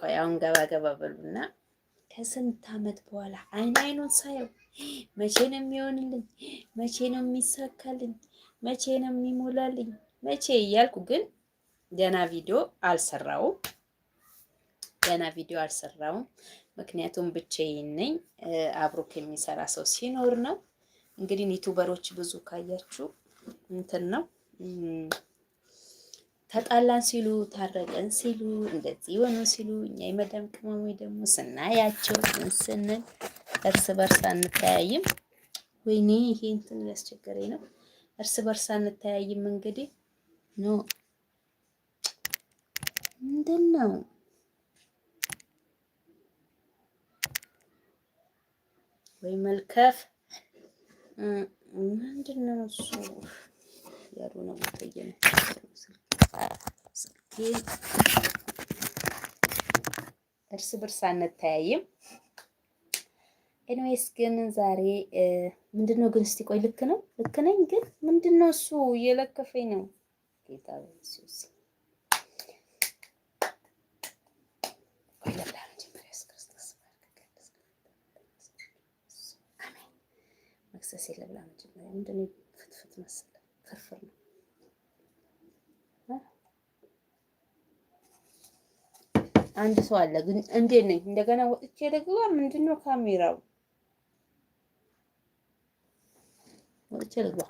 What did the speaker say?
ቆይ አሁን ገባ ገባ በሉና ከስንት አመት በኋላ አይን አይኑን ሳየው መቼ ነው የሚሆንልኝ? መቼ ነው የሚሳካልኝ? መቼ ነው የሚሞላልኝ? መቼ እያልኩ ግን ገና ቪዲዮ አልሰራውም። ገና ቪዲዮ አልሰራውም። ምክንያቱም ብቻዬን ነኝ። አብሮክ የሚሰራ ሰው ሲኖር ነው። እንግዲህ ዩቱበሮች ብዙ ካያችሁ እንትን ነው ተጣላን ሲሉ ታረቀን ሲሉ እንደዚህ የሆነ ሲሉ እኛ የመዳም ቅመሙ ደግሞ ስናያቸው ስንል እርስ በርስ አንተያይም። ወይኔ ይሄ እንትን ያስቸገረኝ ነው። እርስ በርስ አንተያይም። እንግዲህ ኖ ምንድን ነው ወይ መልከፍ ምንድን ነው እሱ ያሉ ነው ስልኬ እርስ በርስ አንተያይም። ኤኒዌይስ ግን ዛሬ ምንድን ነው ግን እስቲ ቆይ ልክ ነው ልክ ነኝ ግን ምንድን ነው እሱ እየለከፈኝ ነው ጌታ ኢየሱስ መክሰስ የለብላ መጀመሪያ ምንድን ነው ፍትፍት መሰለህ ፍርፍር ነው አንድ ሰው አለ ግን እንዴት ነኝ? እንደገና ወጥቼ ልግባ። ምንድን ነው ካሜራው? ወጥቼ ልግባ።